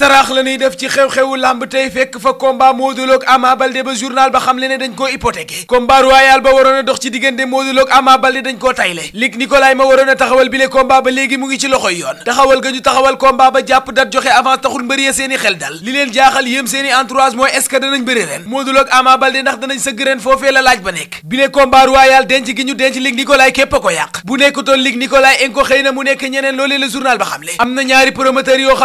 saraax la ñuy def ci xew-xewu làmb tey fekk fa combat Modou Lo ak ba journal ba xam ne dañ koo hypothéqué combat royal ba waroon a dox ci diggante Modou Lo ak Ama Baldé dañ koo tayle Luc Nicolaï ma waroon a taxawal bile combat ba léegi mu ngi ci loxoy yoon taxawal ga ñu taxawal combat ba jàpp dat joxe avance taxul mbër seeni xel dal li leen jaaxal yéem seeni entourage mooy est danañ bëri ren Modou Lo ak ndax danañ sëgg ren foofee la laaj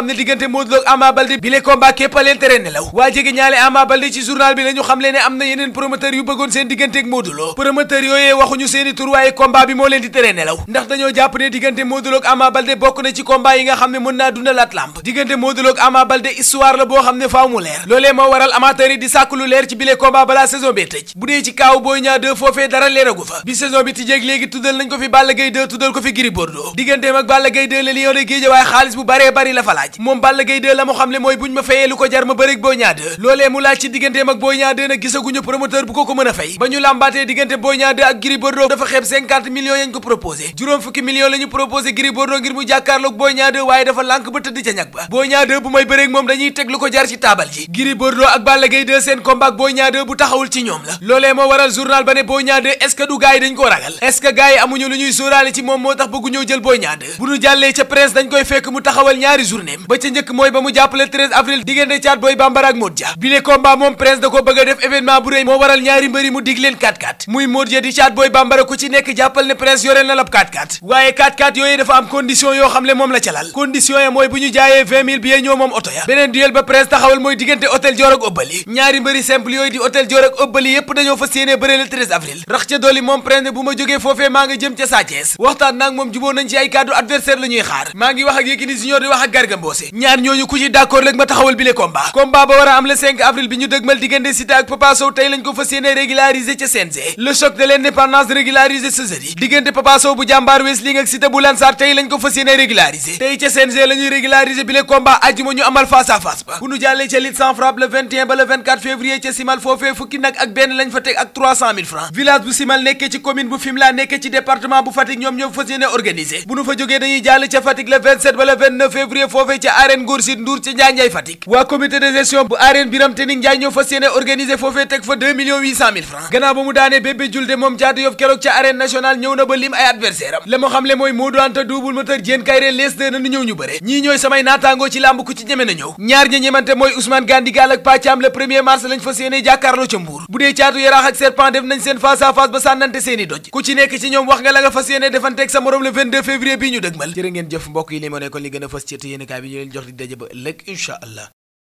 ne diggante Modou Ama Baldé bi képp a leen tere nelaw waa jege ñaale Ama Baldé ci journal bi la ñu xam am na yeneen promoteur yu bëggoon seen diggante ak Modou promoteur yooyee waxuñu seeni tur waaye combat bi moo leen di tere nelaw ndax dañoo jàpp ne diggante Modou Lo ak bokk na ci combat yi nga xam ne mën naa dundalaat làmb diggante Modou Lo ak Ama la boo xam ne faaw mu leer loolee moo waral amateur di sàkk lu leer ci bile combat balaa saison xamle mooy buñ ma fayee lu ko jar ma bëreeg Boy Niang loolee mu laaj ci digganteem ak Boy Niang 2 gisaguñu promoteur bu ko ko mën a ba ñu làmbaatee diggante Boy Niang ak Gris Bordeaux dafa ak Balla Gaye 2 seen combat ak Boy bu taxawul ci ñoom la loolee moo waral journal ba ne Boy Niang 2 est-ce que du gaay dañ ko ragal est gaay amuñu lu ñuy sóoraale ci moom moo tax bëggu jël Boy Niang bu ñu jàllee ca prince dañ koy fekk mu taxawal jàppale 13 avril diggante caat booy bambara ak Modja bile combat moom prince da ko bëgg def événement bu rëy moo waral ñaari mbëri mu dig leen 4-4 muy Modja di caat booy bambara ku ci nekk jàppal ne prince yoreel na lab 4-4 waaye 4-4 yooyu dafa am condition yoo xam ne moom la ca lal ya mooy bu ñu jaayee 20 ñoo moom oto ya beneen duel ba prince taxawal mooy diggante hôtel Dior ak Obbali ñaari mbëri simple yooyu di yi d'accord léegi ma taxawal bi combat combat ba war a am le avril bi ñu dëgmal diggante Siteu ak Papa tey lañ ko fas yéene régulariser ca CNG le choc de l'indépendance régularisé ce jeudi diggante Papa bu jàmbaar Wrestling ak Siteu bu Lansar tey lañ ko fas yéene régulariser tey ca CNG la ñuy régulariser bi le combat ñu amal face à ba bu ñu jàllee ci commune bu Fimela nekkee ci département bu Fatick ñoom ñoo fas février foofee ca arène Ngor Ndour waa comité de gestion bu arène Biram Tening Njaay ñoo fas yéene organiser foofee teg fa 2 millions 800 mille francs gannaaw ba mu daanee bébé julde moom jaatu yof keroog ca arène nationale ñëw na ba lim ay adversaire am la mu xamle mooy Modou Anta Double Moteur Diène Kaïré lees de nañu ñëw ñu bëre ñii ñooy samay naataangoo ci làmb ku ci ñeme na ñëw ñaar ña ñemante mooy Ousmane Gandigal ak ak serpent la nga fas yéene defanteeg sa morom ëllëg incha allah